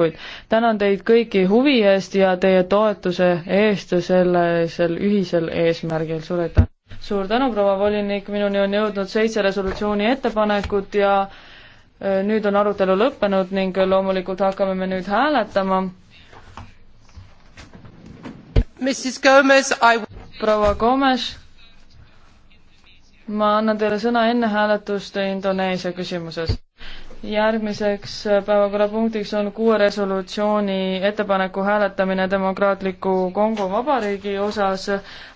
kuid tänan teid kõiki huvi eest ja teie toetuse eest sellisel ühisel eesmärgil, suur aitäh! suur tänu, proua volinik, minuni on jõudnud seitse resolutsiooni ettepanekut ja äh, nüüd on arutelu lõppenud ning loomulikult hakkame me nüüd hääletama. proua Gomes, ma annan teile sõna enne hääletust Indoneesia küsimuses järgmiseks äh, päevakorrapunktiks on kuue resolutsiooni ettepaneku hääletamine Demokraatliku Kongo Vabariigi osas.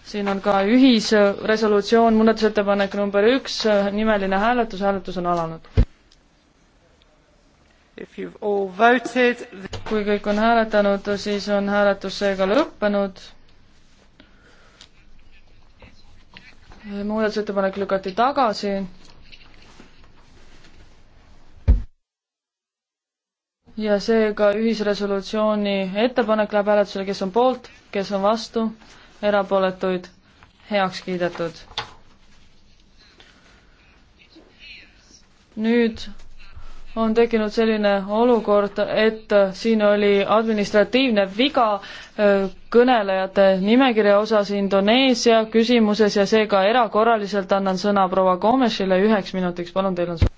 siin on ka ühisresolutsioon, muudatusettepanek number üks, äh, nimeline hääletus, hääletus on alanud. Voted... kui kõik on hääletanud, siis on hääletus seega lõppenud. muudatusettepanek lükati tagasi ja seega ühisresolutsiooni ettepanek läheb hääletusele, kes on poolt, kes on vastu, erapooletuid heaks kiidetud. nüüd on tekkinud selline olukord, et siin oli administratiivne viga äh, kõnelejate nimekirja osas Indoneesia küsimuses ja seega erakorraliselt annan sõna proua Komešile üheks minutiks, palun, teil on sõna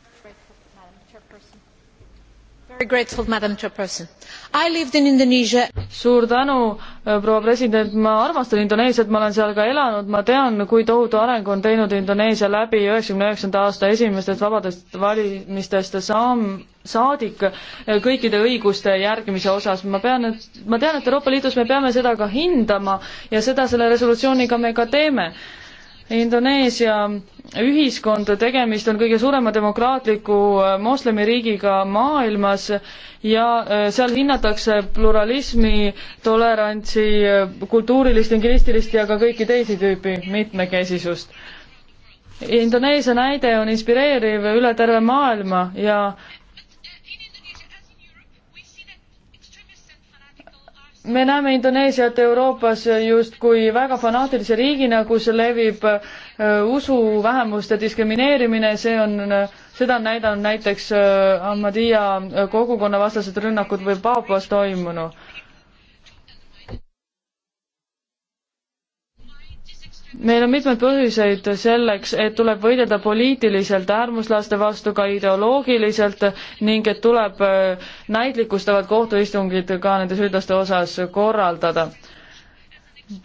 suur tänu, äh, proua president, ma armastan Indoneesiat, ma olen seal ka elanud, ma tean, kui tohutu areng on teinud Indoneesia läbi üheksakümne üheksanda aasta esimestest vabadest valimistest saam-, saadik äh, kõikide õiguste järgimise osas. ma pean, et ma tean, et Euroopa Liidus me peame seda ka hindama ja seda selle resolutsiooniga me ka teeme Indoneesia ühiskond, tegemist on kõige suurema demokraatliku äh, moslemiriigiga maailmas ja äh, seal hinnatakse pluralismi, tolerantsi, äh, kultuurilist, lingvistilist ja ka kõiki teisi tüüpi mitmekesisust. Indoneesia näide on inspireeriv üle terve maailma ja me näeme Indoneesiat Euroopas justkui väga fanaatilise riigina, kus levib äh, usuvähemuste diskrimineerimine, see on, seda on näidanud näiteks äh, Ahmadiyya kogukonnavastased rünnakud või Paapuas toimunu meil on mitmeid põhjuseid selleks, et tuleb võidelda poliitiliselt äärmuslaste vastu ka ideoloogiliselt ning et tuleb äh, näitlikustavad kohtuistungid ka nende süüdlaste osas korraldada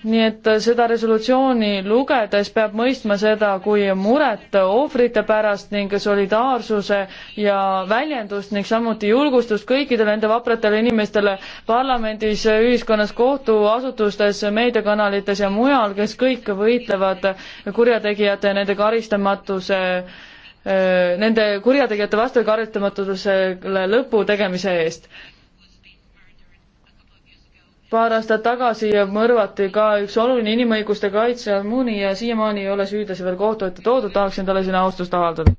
nii et äh, seda resolutsiooni lugedes peab mõistma seda kui muret ohvrite pärast ning solidaarsuse ja väljendust ning samuti julgustust kõikidele nende vapratele inimestele parlamendis, ühiskonnas, kohtuasutustes, meediakanalites ja mujal, kes kõik võitlevad kurjategijate ja nende karistamatuse äh, Nende kurjategijate vastu karistamatuse lõpu tegemise eest paar aastat tagasi mõrvati ka üks oluline inimõiguste kaitsja Almuni ja siiamaani ei ole süüdlasi veel kohtu ette toodud, tahaksin talle siin austust avaldada.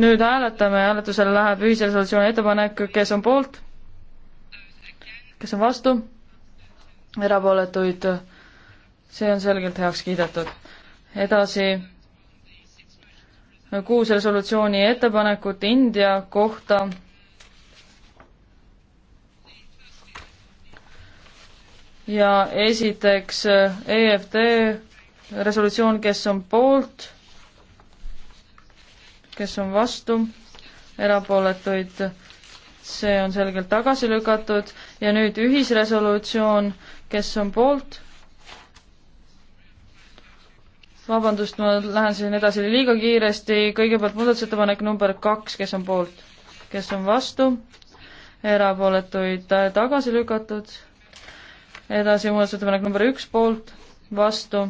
nüüd hääletame, hääletusele läheb ühisresolutsiooni ettepanek, kes on poolt? kes on vastu? erapooletuid? see on selgelt heaks kiidetud. edasi kuus resolutsiooni ettepanekut India kohta ja esiteks EFD eh, e resolutsioon, kes on poolt, kes on vastu, erapooletuid, see on selgelt tagasi lükatud ja nüüd ühisresolutsioon, kes on poolt, vabandust, ma lähen siin edasi liiga kiiresti, kõigepealt muudatusettepanek number kaks, kes on poolt, kes on vastu, erapooletuid eh, tagasi lükatud edasi muudatusettepanek number üks poolt, vastu,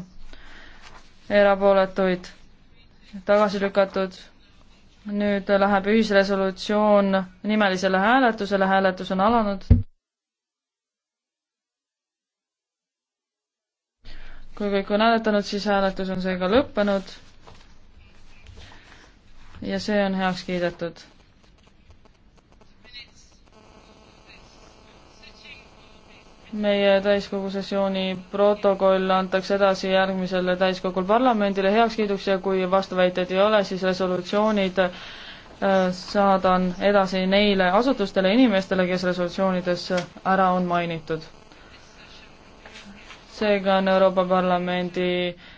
erapooletuid, tagasi lükatud. nüüd läheb ühisresolutsioon nimelisele hääletusele, hääletus on alanud. kui kõik on hääletanud, siis hääletus on seega lõppenud. ja see on heaks kiidetud meie täiskogu sessiooni protokoll antakse edasi järgmisele täiskogul parlamendile heakskiiduks ja kui vastuväiteid ei ole, siis resolutsioonid äh, saadan edasi neile asutustele ja inimestele, kes resolutsioonides ära on mainitud. seega on Euroopa Parlamendi